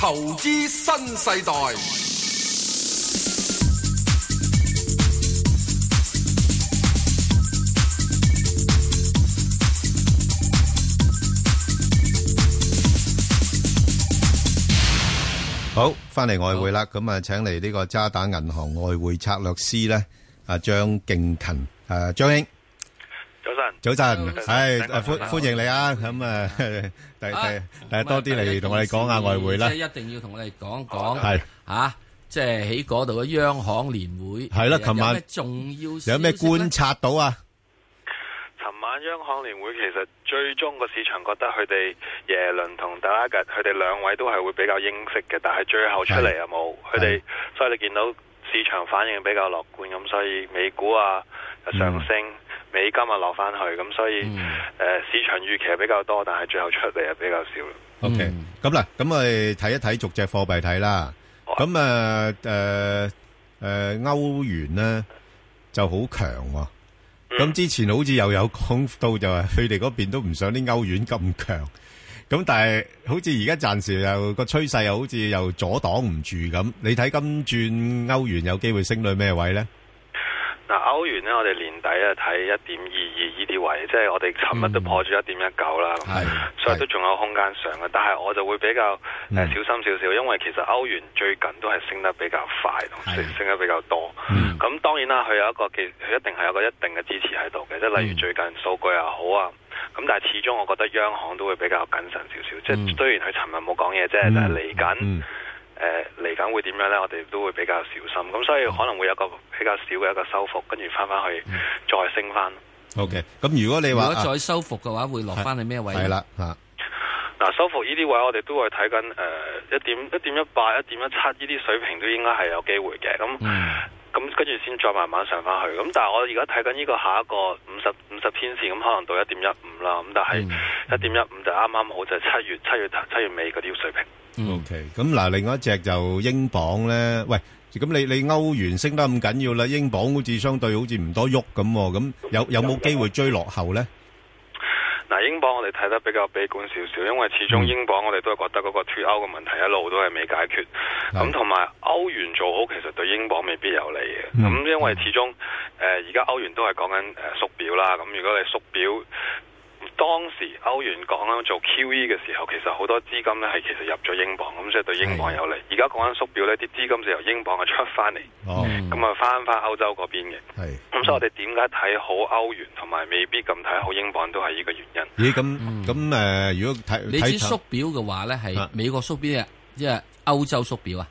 投資新世代。好，翻嚟外匯啦，咁啊請嚟呢個渣打銀行外匯策略師咧，啊張敬勤，啊張英。早晨，係誒歡歡迎你啊！咁誒，第第日多啲嚟同我哋講下外匯啦。即係一定要同我哋講講係吓，即係喺嗰度嘅央行年會係啦。琴晚重要有咩觀察到啊？琴晚央行年會其實最終個市場覺得佢哋耶倫同德拉格佢哋兩位都係會比較鷹式嘅，但係最後出嚟又冇佢哋，所以你見到市場反應比較樂觀咁，所以美股啊上升。美金啊，落翻去，咁所以誒市場預期係比較多，但係最後出嚟係比較少咯。OK，咁啦，咁咪睇一睇逐隻貨幣睇啦。咁啊誒誒歐元咧就好強喎。咁之前好似又有講到，就係佢哋嗰邊都唔想啲歐元咁強。咁但係好似而家暫時又個趨勢又好似又阻擋唔住咁。你睇今轉歐元有機會升到咩位咧？嗱歐元咧，我哋年底啊睇一點二二呢啲位，即係我哋尋日都破咗一點一九啦，嗯、所以都仲有空間上嘅。但係我就會比較誒小心少少，嗯、因為其實歐元最近都係升得比較快，升升得比較多。咁、嗯、當然啦，佢有一個嘅，佢一定係有一個一定嘅支持喺度嘅，即係例如最近數據又好啊。咁、嗯、但係始終我覺得央行都會比較謹慎少少，即係雖然佢尋日冇講嘢，即係、嗯、但係嚟緊。嗯誒，嚟緊、呃、會點樣呢？我哋都會比較小心，咁所以可能會有個比較少嘅一個收復，跟住翻翻去再升翻。OK，咁如果你話如果再收復嘅話，啊、會落翻去咩位？係啦，嗱、啊，收復呢啲位，我哋都係睇緊誒，一、呃、點一點一八、一點一七呢啲水平，都應該係有機會嘅。咁。嗯咁跟住先再慢慢上返去，咁但係我而家睇緊呢個下一個五十五十天線，咁可能到一點一五啦，咁但係一點一五就啱啱好，嗯、就係七月七月七月尾嗰啲水平。OK，咁嗱，okay, 另外一隻就英鎊咧。喂，咁你你歐元升得咁緊要啦，英鎊好似相對好似唔多喐咁，咁有有冇機會追落後咧？嗱，英鎊我哋睇得比較悲觀少少，因為始終英鎊我哋都係覺得嗰個脱歐嘅問題一路都係未解決，咁同埋歐元做好其實對英鎊未必有利嘅，咁、嗯、因為始終誒而家歐元都係講緊誒縮表啦，咁如果你縮表。當時歐元講啊做 QE 嘅時候，其實好多資金咧係其實入咗英鎊，咁所以對英鎊有利。而家講緊縮表咧，啲資金就由英鎊啊出翻嚟，咁啊翻翻歐洲嗰邊嘅。係的，咁、嗯、所以我哋點解睇好歐元同埋未必咁睇好英鎊都係呢個原因。咦、嗯？咁咁誒，如果睇你睇縮表嘅話咧，係美國縮表啊，即係歐洲縮表啊，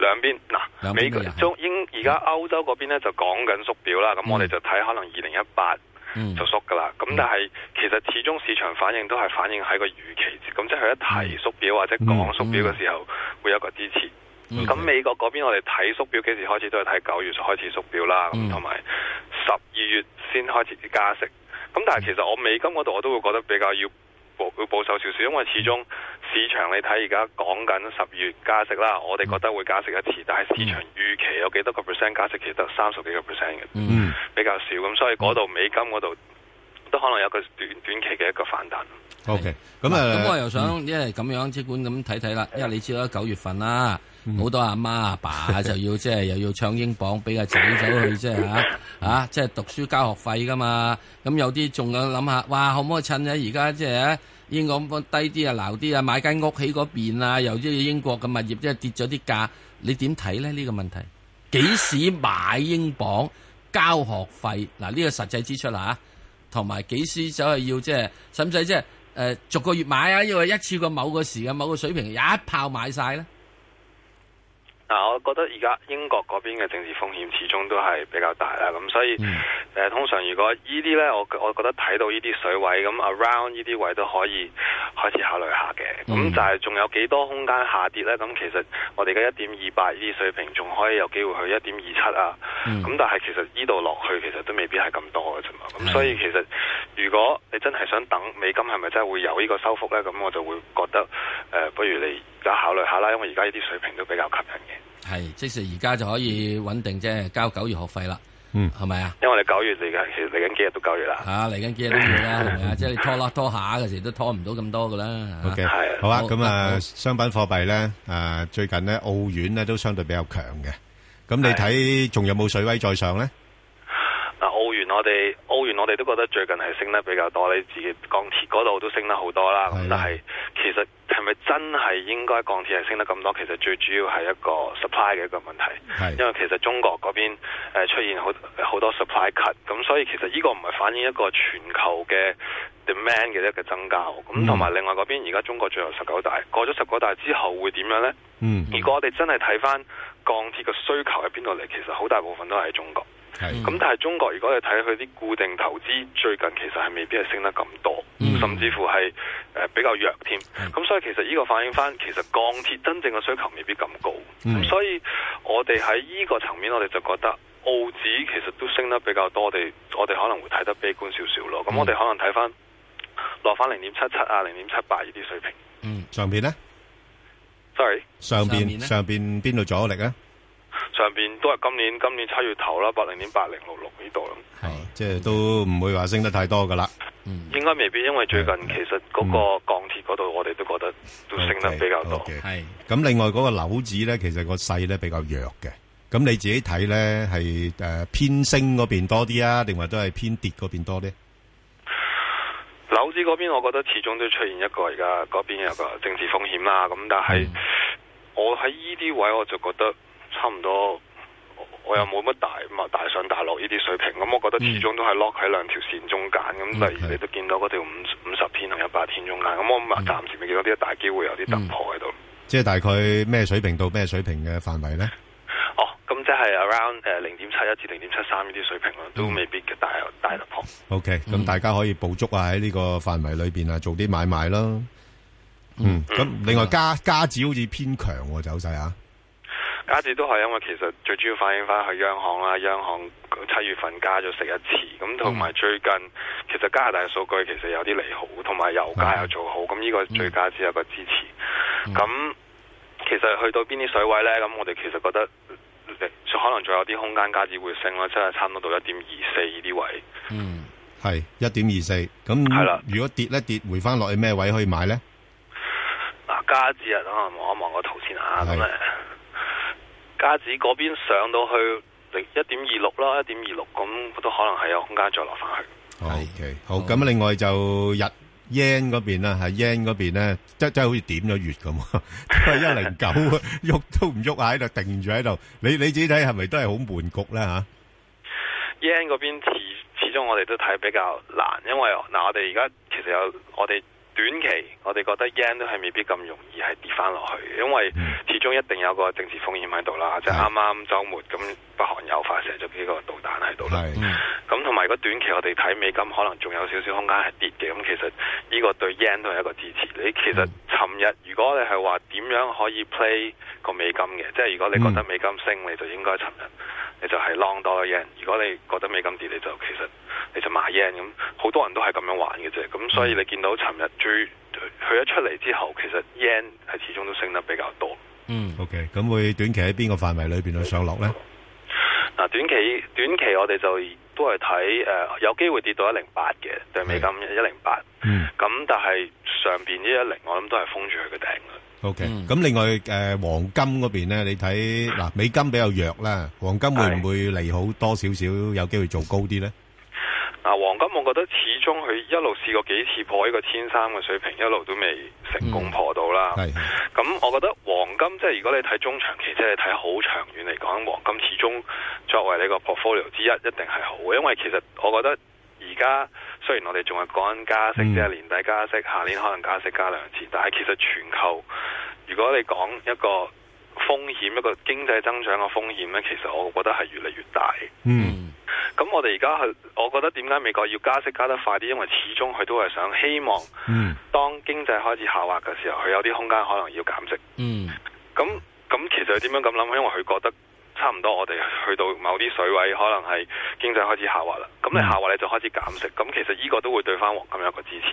兩邊嗱，邊美國、中英而家歐洲嗰邊咧就講緊縮表啦。咁、嗯、我哋就睇可能二零一八。嗯、就縮噶啦，咁但係其實始終市場反應都係反映喺個預期，咁即係一提縮表、嗯、或者講縮表嘅時候，嗯、會有個支持。咁、嗯、美國嗰邊我哋睇縮表幾時開始都係睇九月開始縮表啦，同埋十二月先開始至加息。咁、嗯、但係其實我美金嗰度我都會覺得比較要保會保守少少，因為始終市場你睇而家講緊十月加息啦，我哋覺得會加息一次，但係市場預期有幾多，多個 percent 加息，其實得三十幾個 percent 嘅，嗯，比較少咁，所以嗰度美金嗰度都可能有個短短期嘅一個反彈。OK，咁啊，咁我又想，因為咁樣，即管咁睇睇啦，因為你知道九月份啦。好多阿媽阿爸，爸就要即係又要搶英鎊俾個仔走去，即係嚇嚇，即係讀書交學費噶嘛。咁、啊啊、有啲仲有諗下，哇，可唔可以趁咧、啊？而家即係咧，英國咁低啲啊，鬧啲啊，買間屋喺嗰邊啊，又啲英國嘅物業即係跌咗啲價，你點睇咧？呢、這個問題幾時買英鎊交學費嗱？呢、啊這個實際支出啦，同埋幾時走去要即係使唔使即係誒逐個月買啊？因為一次過某個時間某個水平一炮買晒咧？嗱、啊，我覺得而家英國嗰邊嘅政治風險始終都係比較大啦，咁所以誒、嗯呃、通常如果依啲呢，我我覺得睇到依啲水位咁 around 依啲位都可以開始考慮下嘅，咁、嗯、就係仲有幾多空間下跌呢？咁其實我哋嘅一點二八呢啲水平仲可以有機會去一點二七啊，咁、嗯、但係其實依度落去其實都未必係咁多嘅啫嘛，咁所以其實如果你真係想等美金係咪真係會有呢個收復呢？咁我就會覺得呃、不如你。就考慮下啦，因為而家呢啲水平都比較吸引嘅。係，即使而家就可以穩定即係，交九月學費啦。嗯，係咪啊？因為你九月嚟緊，其實嚟緊幾日都九月啦。係嚟緊幾日都要啦，係啊， 是是即係你拖落拖下嗰時都拖唔到咁多噶啦。OK，的好啊，咁啊，商品貨幣咧，啊，最近咧澳元咧都相對比較強嘅。咁你睇仲的有冇水位再上咧？澳元我哋澳元我哋都覺得最近係升得比較多，你自己鋼鐵嗰度都升得好多啦。咁是的 但係其實係咪真係應該鋼鐵係升得咁多？其實最主要係一個 supply 嘅一個問題，是的 因為其實中國嗰邊誒出現好好多 supply cut，咁所以其實呢個唔係反映一個全球嘅 demand 嘅一個增加。咁同埋另外嗰邊而家中國最後十九大，過咗十九大之後會點樣呢？嗯，是的 如果我哋真係睇翻鋼鐵嘅需求喺邊度嚟，其實好大部分都係中國。咁、嗯、但係中國，如果你睇佢啲固定投資，最近其實係未必係升得咁多，嗯、甚至乎係誒比較弱添。咁、嗯、所以其實呢個反映翻，其實鋼鐵真正嘅需求未必咁高。咁、嗯、所以我哋喺呢個層面，我哋就覺得澳紙其實都升得比較多。我哋我哋可能會睇得悲觀少少咯。咁、嗯、我哋可能睇翻落翻零點七七啊，零點七八呢啲水平。嗯，上邊呢？sorry，上邊面上邊邊度阻力啊？上邊都係今年，今年七月頭啦，八零年，八零六六呢度啦，係是即係都唔會話升得太多噶啦。嗯，應該未必，因為最近其實嗰個鋼鐵嗰度，我哋都覺得都升得比較多。係咁，另外嗰個樓指咧，其實個勢咧比較弱嘅。咁你自己睇咧，係誒、呃、偏升嗰邊多啲啊，定話都係偏跌嗰邊多啲？樓指嗰邊，我覺得始終都出現一個而家嗰邊有個政治風險啦。咁但係我喺呢啲位，我就覺得。差唔多，我又冇乜大啊，嗯、大上大落呢啲水平，咁我覺得始終都係 lock 喺兩條線中間。咁例如你都見到嗰條五五十天同一百天中間，咁、嗯、我咪暫時未見到啲大機會有啲突破喺度、嗯。即係大概咩水平到咩水平嘅範圍咧？哦，咁即係 around 誒零點七一至零點七三呢啲水平咯，都未必嘅大大突破。OK，咁大家可以捕捉啊喺呢個範圍裏邊啊做啲買賣咯。嗯，咁另外加加指好似偏強、啊，走勢吓、啊。加元都係，因為其實最主要反映翻去央行啦，央行七月份加咗息一次，咁同埋最近其實加拿大數據其實有啲利好，同埋油價又做好，咁呢、嗯、個最加之一個支持。咁其實去到邊啲水位呢？咁我哋其實覺得，可能仲有啲空間，加元會升啦，即係差唔多到一點二四呢啲位。嗯，係一點二四。咁係啦，的如果跌呢，跌，回翻落去咩位可以買呢？嗱，加元啊，等我望一望個圖先啊，咁的家指嗰邊上到去零一點二六啦，一點二六咁，都可能係有空間再落翻去。O K，好咁啊，另外就日 yen 嗰邊啦，喺 yen 嗰邊咧，即係好似點咗穴咁，一零九喐都唔喐下喺度，定住喺度。你你自己睇係咪都係好悶局咧吓？yen 嗰邊始始終我哋都睇比較難，因為嗱，我哋而家其實有我哋。短期我哋覺得 yen 都係未必咁容易係跌翻落去，因為始終一定有個政治風險喺度啦。即係啱啱周末咁，北韓又發射咗幾個導彈喺度啦。咁同埋個短期我哋睇美金可能仲有少少空間係跌嘅。咁其實呢個對 yen 都係一個支持。你其實尋日如果你係話點樣可以 play 個美金嘅，即係如果你覺得美金升，你就應該尋日。就係 long 多嘅 yen，如果你覺得美金跌，你就其實你就買 yen 咁，好多人都係咁樣玩嘅啫。咁所以你見到尋日 J 去咗出嚟之後，其實 yen 係始終都升得比較多。嗯，OK，咁會短期喺邊個範圍裏邊去上落咧？嗱、嗯，短期短期我哋就都係睇誒，有機會跌到一零八嘅，對美金一零八。嗯，咁但係上邊呢，一零，我諗都係封住佢個頂。OK，咁、嗯、另外誒、呃、黃金嗰邊咧，你睇嗱美金比較弱啦，黃金會唔會利好多少少，有機會做高啲咧？嗱，黃金我覺得始終佢一路試過幾次破呢個千三嘅水平，一路都未成功破到啦。咁、嗯、我覺得黃金即係如果你睇中長期，即係睇好長遠嚟講，黃金始終作為呢個 portfolio 之一，一定係好嘅，因為其實我覺得。而家雖然我哋仲係講緊加息，嗯、即係年底加息，下年可能加息加兩次。但係其實全球，如果你講一個風險、一個經濟增長嘅風險咧，其實我覺得係越嚟越大。嗯，咁我哋而家係，我覺得點解美國要加息加得快啲？因為始終佢都係想希望，當經濟開始下滑嘅時候，佢有啲空間可能要減息。嗯，咁咁其實佢點樣咁諗？因為佢覺得。差唔多，我哋去到某啲水位，可能係經濟開始下滑啦。咁你下滑你就開始減息，咁其實呢個都會對翻黃金有一個支持。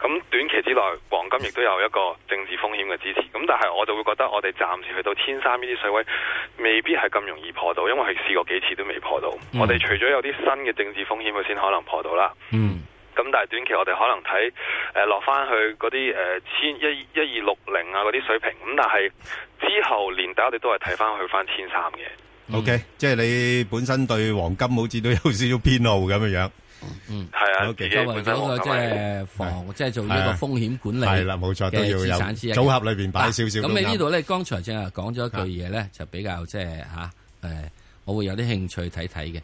咁短期之內，黃金亦都有一個政治風險嘅支持。咁但係我就會覺得，我哋暫時去到千三呢啲水位，未必係咁容易破到，因為佢試過幾次都未破到。嗯、我哋除咗有啲新嘅政治風險，佢先可能破到啦。嗯。咁但係短期我哋可能睇，誒落翻去嗰啲誒千一、一、二、六、零啊嗰啲水平。咁但係之後年底我哋都係睇翻去翻千三嘅。O K，即係你本身對黃金好似都有少少偏好咁嘅樣。嗯，係啊。O K，本身黃即係防，即係做呢個風險管理。係啦，冇錯，都要有組合裏邊擺少少。咁你呢度咧，剛才正話講咗一句嘢咧，就比較即係吓，誒，我會有啲興趣睇睇嘅。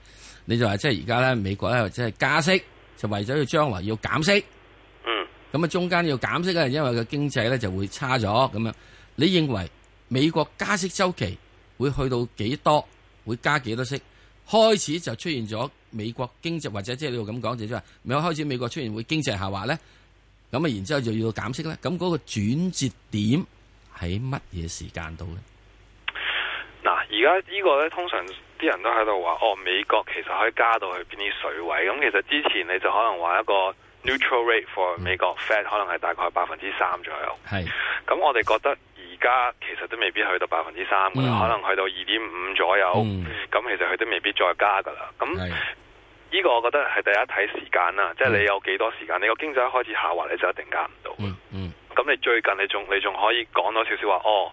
你就話即係而家咧，美國咧即係加息。就為咗要將來要減息，嗯，咁啊中間要減息咧，因為個經濟咧就會差咗咁樣。你認為美國加息周期會去到幾多？會加幾多息？開始就出現咗美國經濟，或者即係、就是、你咁講，即係話，開始美國出現會經濟下滑咧，咁啊，然之後就要減息咧。咁嗰個轉折點喺乜嘢時間度咧？嗱，而家呢個咧通常。啲人都喺度話，哦，美國其實可以加到去邊啲水位咁。其實之前你就可能話一個 neutral rate for，、嗯、for 美國 Fed 可能係大概百分之三左右。係是，咁我哋覺得而家其實都未必去到百分之三噶啦，嗯、可能去到二點五左右。咁、嗯、其實佢都未必再加噶啦。咁呢是個我覺得係第一睇時間啦，即、就、係、是、你有幾多時間？你個經濟開始下滑，你就一定加唔到嗯。嗯，咁你最近你仲你仲可以講多少少話，哦。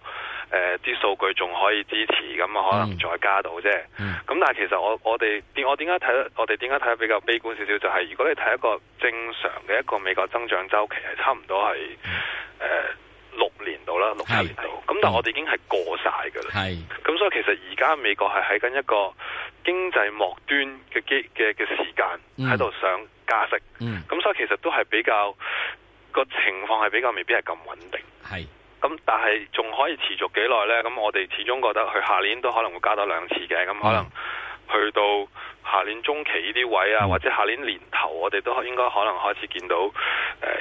誒啲數據仲可以支持，咁可能再加到啫。咁、嗯嗯、但係其實我我哋點我點解睇我哋點解睇得比較悲觀少少，就係、是、如果你睇一個正常嘅一個美國增長周期係差唔多係誒六年度啦，六七年度。咁但係我哋已經係過晒㗎啦。係。咁所以其實而家美國係喺緊一個經濟末端嘅機嘅嘅時間喺度想加息。嗯。咁、嗯、所以其實都係比較個情況係比較未必係咁穩定。係。但係仲可以持續幾耐呢？咁我哋始終覺得佢下年都可能會加多兩次嘅。咁可能去到下年中期呢啲位啊，或者下年年頭，我哋都應該可能開始見到誒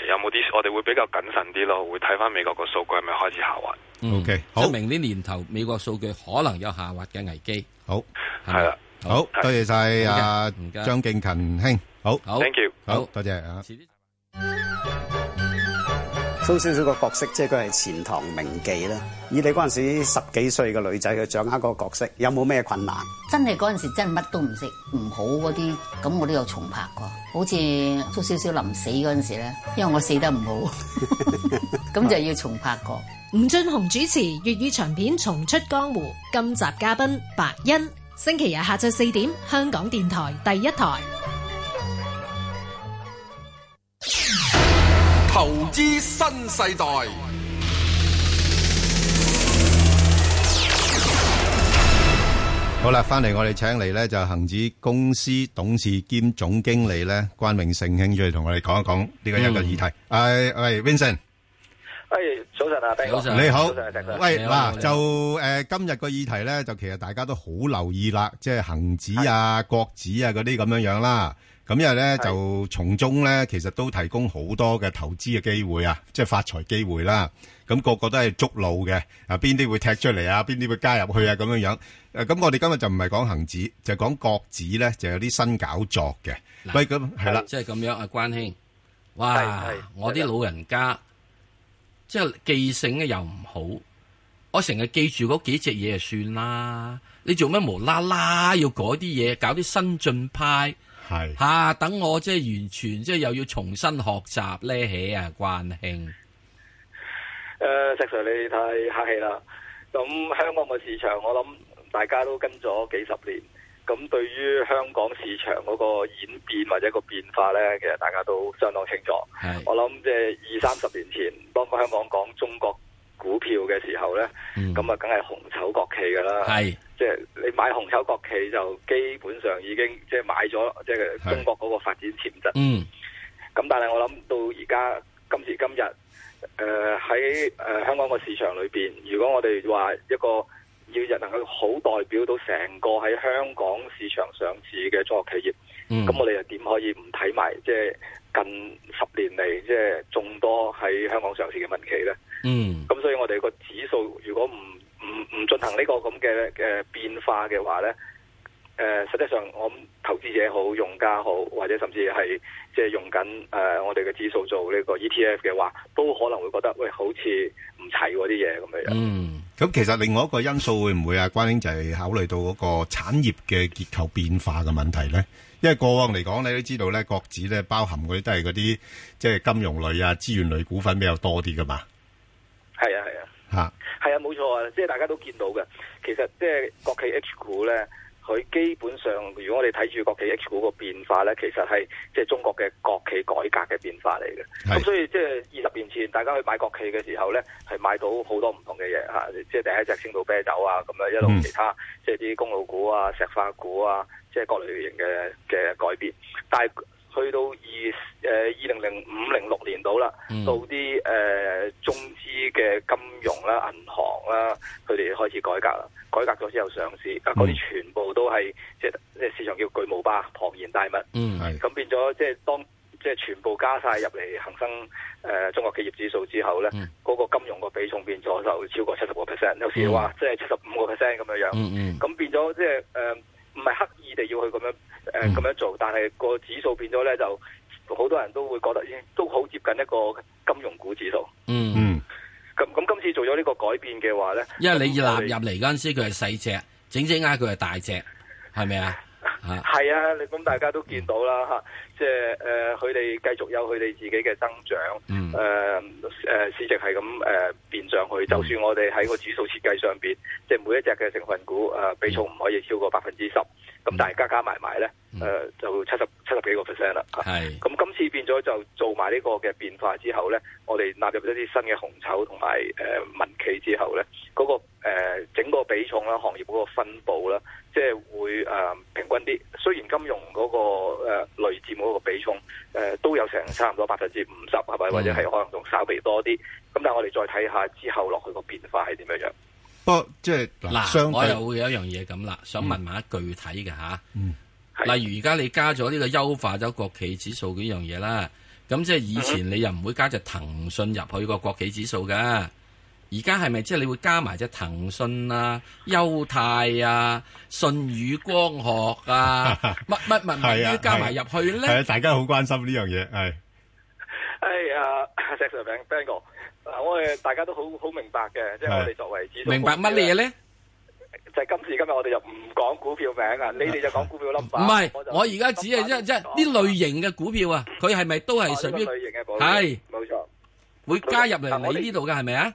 有冇啲，我哋會比較謹慎啲咯，會睇翻美國個數據係咪開始下滑。OK，好。明年年頭，美國數據可能有下滑嘅危機。好，係啦，好多謝晒，啊張敬勤兄，好，Thank you，好，多謝啊。做蘇小小個角色，即係佢係錢塘名妓啦。以你嗰陣時十幾歲嘅女仔去掌握個角色，有冇咩困難？真係嗰陣時真係乜都唔識，唔好嗰啲，咁我都有重拍過。好似蘇小小臨死嗰陣時咧，因為我死得唔好，咁 就要重拍過。吳 俊雄主持粵語長片《重出江湖》，今集嘉賓白欣，星期日下晝四點，香港電台第一台。之新世代，好啦，翻嚟我哋請嚟咧就恒指公司董事兼總經理咧關永盛，興再嚟同我哋講一講呢個一個議題。係喂 Vincent，誒，早晨啊，丁，早晨，你好，喂，嗱就誒今日個議題咧，就其實大家都好留意啦，即係恒指啊、國指啊嗰啲咁樣樣啦。咁因為咧，就從中咧，其實都提供好多嘅投資嘅機會啊，即係發財機會啦。咁個個都係捉路嘅啊，邊啲會踢出嚟啊？邊啲會加入去啊？咁樣樣誒，咁我哋今日就唔係講恒指，就係講國指咧，就有啲新搞作嘅。喂，咁係啦，即係咁樣啊，關兄哇！我啲老人家即係記性咧又唔好，我成日記住嗰幾隻嘢就算啦。你做咩無啦啦要改啲嘢，搞啲新進派？係吓是、啊，等我即係完全，即係又要重新學習咧，起啊，關興。誒、呃，石 Sir，你哋太客氣啦。咁香港嘅市場，我諗大家都跟咗幾十年，咁對於香港市場嗰個演變或者個變化咧，其實大家都相當清楚。是我諗即係二三十年前，當香港講中國股票嘅時候咧，咁啊、嗯，梗係紅走國企噶啦，係即係你買紅籌國企就基本上已經即係買咗即係中國嗰個發展潛質。嗯，咁但係我諗到而家今時今日，誒喺誒香港個市場裏邊，如果我哋話一個要日能夠好代表到成個喺香港市場上市嘅中國企業，嗯，咁我哋又點可以唔睇埋即係近十年嚟，即係眾多喺香港上市嘅民企咧？嗯，咁所以我哋個指數如果唔唔唔進行呢個咁嘅嘅變化嘅話呢誒、呃，實際上我諗投資者好，用家好，或者甚至係即係用緊誒、呃、我哋嘅指數做呢個 ETF 嘅話，都可能會覺得喂，好似唔齊嗰啲嘢咁樣。嗯，咁其實另外一個因素會唔會啊？關英就係考慮到嗰個產業嘅結構變化嘅問題呢？因為過往嚟講你都知道呢，國指呢包含嗰啲都係嗰啲即係金融類啊、資源類股份比較多啲噶嘛。係啊，係啊。吓，係啊，冇錯啊，即係、啊就是、大家都見到嘅。其實即係國企 H 股咧，佢基本上，如果我哋睇住國企 H 股個變化咧，其實係即係中國嘅國企改革嘅變化嚟嘅。咁是所以即係二十年前，大家去買國企嘅時候咧，係買到好多唔同嘅嘢吓，即、啊、係、就是、第一隻青島啤酒啊，咁樣一路其他即係啲公路股啊、石化股啊，即、就、係、是、各類型嘅嘅改變。但係去到二。誒，二零零五零六年、嗯、到啦，到啲誒中資嘅金融啦、銀行啦，佢哋開始改革啦，改革咗之後上市，啊嗰啲全部都係即係即係市場叫巨無霸、龐然大物，係咁、嗯、變咗即係當即係全部加晒入嚟恒生誒、呃、中國企業指數之後咧，嗰、嗯、個金融個比重變咗就超過七十個 percent，有時話即係七十五個 percent 咁樣樣，咁、嗯嗯嗯、變咗即係誒唔係刻意地要去咁樣誒咁樣做，但係個指數變咗咧就，就。就好多人都會覺得已經都好接近一個金融股指數、嗯。嗯，咁咁今次做咗呢個改變嘅話咧，因為你納入嚟嗰陣時，佢係細隻，整整吓佢係大隻，係咪啊？ 係啊，你咁、啊、大家都見到啦嚇，即係誒佢哋繼續有佢哋自己嘅增長，誒誒、嗯啊、市值係咁誒變上去。嗯、就算我哋喺個指數設計上邊，即係、嗯、每一隻嘅成分股誒比重唔可以超過百分之十，咁、嗯、但係加加埋埋咧誒就七十七十幾個 percent 啦。係。咁今次變咗就做埋呢個嘅變化之後咧，我哋納入一啲新嘅紅籌同埋誒民企之後咧，嗰、嗰個整個比重啦、行業嗰個分佈啦，即係會誒平均啲。雖然金融嗰、那個誒類佔嗰個比重誒、呃、都有成差唔多百分之五十，係咪、嗯、或者係可能仲稍微多啲？咁但係我哋再睇下之後落去個變化係點樣樣。不過即係嗱，啦比我又會有一樣嘢咁啦，想問一下具體嘅吓。嗯。啊、嗯例如而家你加咗呢個優化咗國企指數呢樣嘢啦，咁即係以前你又唔會加隻騰訊入去個國企指數嘅。而家係咪即係你會加埋隻騰訊啊、優泰啊、信宇光學啊，乜乜乜乜嘢，加埋入去咧？係啊！大家好關心呢樣嘢，係。係啊，石 sirBang 哥，嗱，我哋大家都好好明白嘅，即係我哋作為主，明白乜嘢咧？就今時今日我哋就唔講股票名啊，你哋就講股票粒。唔係，我而家只係即係即係啲類型嘅股票啊，佢係咪都係屬於類型嘅？係，冇錯，會加入嚟你呢度嘅係咪啊？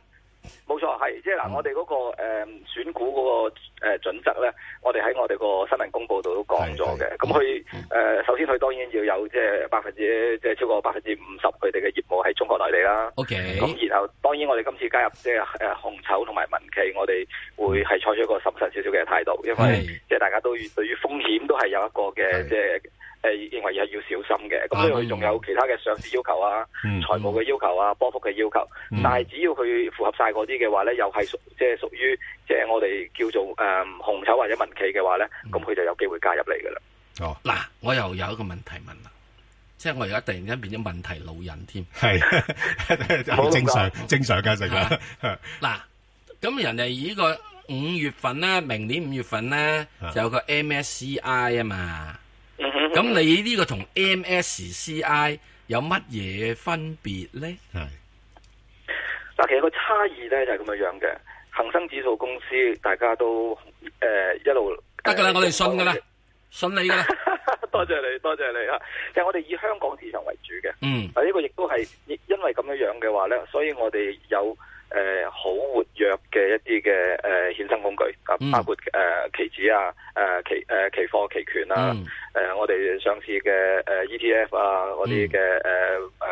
冇錯，係即係嗱，我哋嗰個誒選股嗰個誒準則咧，我哋喺我哋個新聞公布度都講咗嘅。咁佢誒，首先佢當然要有即係百分之即係超過百分之五十，佢哋嘅業務喺中國內地啦。O K. 咁然後當然我哋今次加入即係誒紅籌同埋民企，我哋會係採取一個審慎少少嘅態度，因為即係大家都要對於風險都係有一個嘅即係。的的誒，認為係要小心嘅，咁佢仲有其他嘅上市要求啊，財務嘅要求啊，波幅嘅要求。但係只要佢符合晒嗰啲嘅話咧，又係屬即係屬於即係我哋叫做誒紅籌或者民企嘅話咧，咁佢就有機會加入嚟噶啦。哦，嗱，我又有一個問題問啦，即係我而家突然間變咗問題老人添，係好正常，正常噶成啦。嗱，咁人哋呢個五月份啦，明年五月份啦，就有個 MSCI 啊嘛。咁你呢個同 MSCI 有乜嘢分別呢？係，嗱，其實個差異呢，就係、是、咁樣樣嘅，恒生指數公司大家都誒、呃、一路得噶啦，我哋信噶啦，嗯、信你噶啦， 多謝你，多謝你啊！其實我哋以香港市場為主嘅，嗯，啊呢個亦都係因因為咁樣樣嘅話呢，所以我哋有。誒、呃，好活躍嘅一啲嘅誒衍生工具，啊，包括誒、呃、期指啊，誒期誒、呃、期貨、期權啦，誒我哋上市嘅誒 ETF 啊，嗯呃、我哋嘅誒誒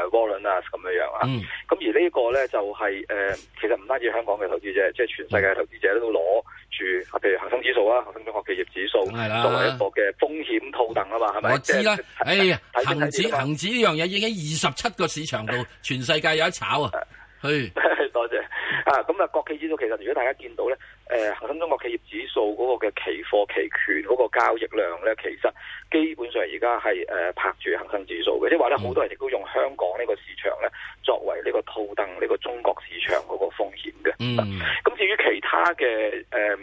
窩輪啊，咁、嗯呃、樣樣啊。咁、嗯、而個呢個咧就係、是、誒、呃，其實唔單止香港嘅投資者，Ti、即係全世界投資者都攞住，譬如恒生指數啊，恒生中國企業指數，作為一個嘅風險套戥啊嘛，係咪？我知啦。誒，恒指恒指呢樣嘢已經喺二十七個市場度，全世界有得炒啊，去。咁啊，國企指數其實，如果大家見到咧，誒、呃，恆生中國企業指數嗰個嘅期貨期權嗰個交易量咧，其實基本上而家係誒拍住恒生指數嘅，即係話咧，好多人亦都用香港呢個市場咧作為呢個套戥呢個中國市場嗰個風險嘅。嗯，咁、啊、至於其他嘅誒。呃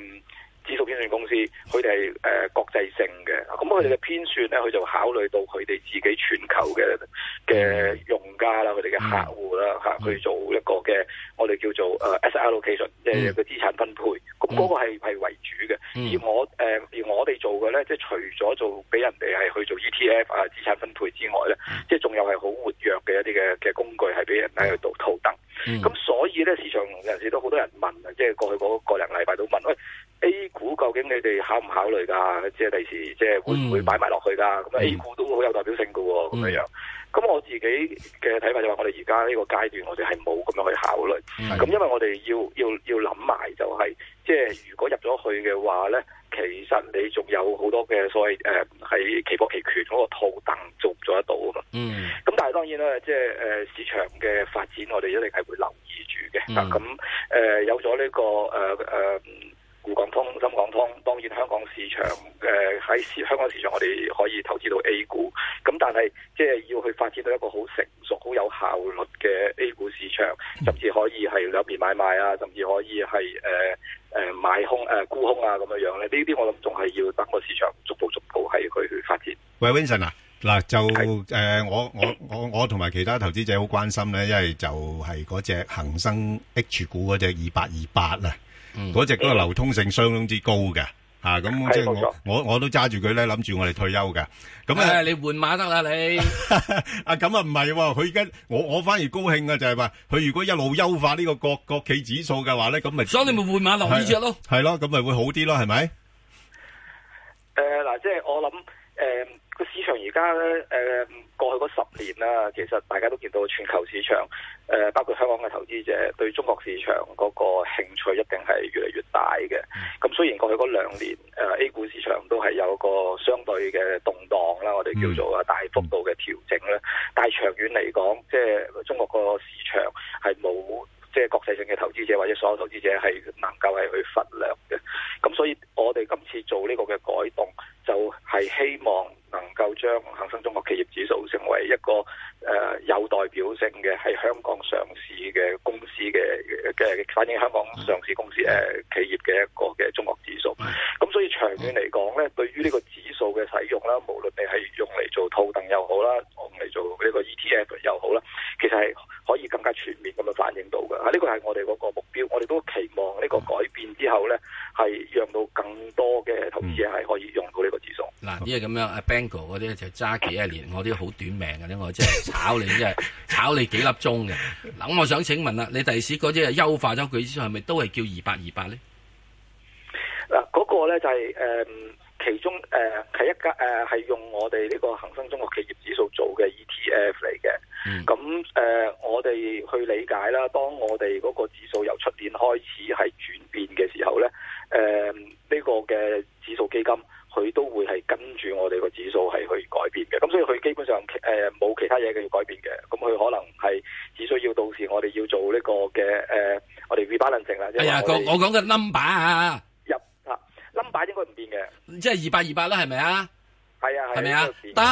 指數編算公司，佢哋係誒國際性嘅，咁佢哋嘅編算咧，佢就考慮到佢哋自己全球嘅嘅用家啦，佢哋嘅客戶啦吓，嗯、去做一個嘅我哋叫做誒 S L l o c a t i o n 即係個資產分配，咁嗰、嗯、個係係為主嘅、嗯呃。而我誒而我哋做嘅咧，即係除咗做俾人哋係去做 E T F 啊資產分配之外咧，即係仲有係好活躍嘅一啲嘅嘅工具，係俾人喺度套戥。咁、嗯、所以咧，市場有陣時都好多人問啊，即係過去嗰個零禮拜都問喂。欸欸欸 A 股究竟你哋考唔考慮噶？即係第時，即係會唔會擺埋落去噶？咁 A 股都好有代表性噶喎、哦，咁樣、mm hmm. 樣。咁我自己嘅睇法就係，我哋而家呢個階段，我哋係冇咁樣去考慮。咁、mm hmm. 因為我哋要要要諗埋、就是，就係即係如果入咗去嘅話咧，其實你仲有好多嘅所謂誒喺期貨期權嗰個套戥做唔做得到啊嘛？咁、mm hmm. 但係當然啦，即係誒、呃、市場嘅發展，我哋一定係會留意住嘅。咁誒有咗呢個誒誒。滬港通、深港通，當然香港市場嘅喺、呃、香港市場我哋可以投資到 A 股，咁但係即係要去發展到一個好成熟、好有效率嘅 A 股市場，甚至可以係兩邊買賣啊，甚至可以係誒誒買空、誒、呃、沽空啊咁樣樣咧。呢啲我諗仲係要等個市場逐步逐步係去去發展。喂，Vincent 啊，嗱就誒是、呃、我我我我同埋其他投資者好關心咧，因為就係嗰隻恒生 H 股嗰隻二八二八啊。嗰隻嗰個流通性相當之高嘅，吓，咁即係我我我都揸住佢咧，諗住我哋退休嘅。咁啊，你換馬得啦你，啊咁啊唔係喎，佢而家我我反而高興嘅，就係話佢如果一路優化呢個國國企指數嘅話咧，咁咪所以你咪換馬落呢隻咯，係咯，咁咪會好啲咯，係咪？誒嗱，即係我諗誒。市場而家咧，誒、呃，過去嗰十年啦，其實大家都見到全球市場，誒、呃，包括香港嘅投資者對中國市場嗰個興趣一定係越嚟越大嘅。咁、嗯、雖然過去嗰兩年，誒、呃、A 股市場都係有個相對嘅動盪啦，我哋叫做啊大幅度嘅調整啦。嗯嗯、但係長遠嚟講，即、就、係、是、中國個市場係冇，即、就、係、是、國際性嘅投資者或者所有投資者係能夠係去忽略嘅。咁所以，我哋今次做呢個嘅改動，就係、是、希望。能夠將恒生中國企業指數成為一個誒、呃、有代表性嘅係香港上市嘅公司嘅嘅、呃、反映香港上市公司誒、呃、企業嘅一個嘅中國指數，咁、嗯、所以長遠嚟講咧，對於呢個指數嘅使用啦，無論你係用嚟做套戥又好啦，用嚟做呢個 ETF 又好啦，其實係可以更加全面咁樣反映到嘅。啊，呢個係我哋嗰個目標，我哋都期望呢個改變之後咧，係讓到更多嘅投資者係可以用到呢個指數。嗯嗱，呢係咁樣，阿 Bango 嗰啲就揸幾廿年，我啲好短命嘅咧，我即係炒你，即係 炒你幾粒鐘嘅。嗱，我想請問啦，你第時嗰啲啊優化咗佢之後，係咪都係叫二八二八咧？嗱、就是，嗰個咧就係誒，其中誒係、呃、一家誒係、呃、用我哋呢個恒生中國企業指數做嘅 ETF 嚟嘅。咁誒、嗯呃，我哋去理解啦，當我哋嗰個指數由出年開始。我講嘅 number 啊，入啊 number 應該唔變嘅，即係二百二百啦，係咪啊？係啊，係咪啊？得，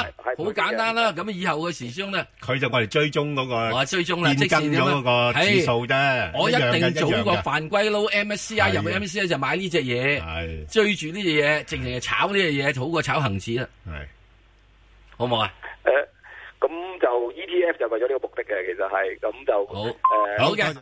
好簡單啦。咁以後嘅時鐘咧，佢就過嚟追蹤嗰個，我追蹤啦，變咗嗰個指數啫。我一定做個犯規撈 MSC 啊，入去 MSC 就買呢隻嘢，追住呢隻嘢，淨係炒呢隻嘢，好過炒恒指啦。係好唔好啊？誒，咁就 ETF 就為咗呢個目的嘅，其實係咁就好誒，好嘅。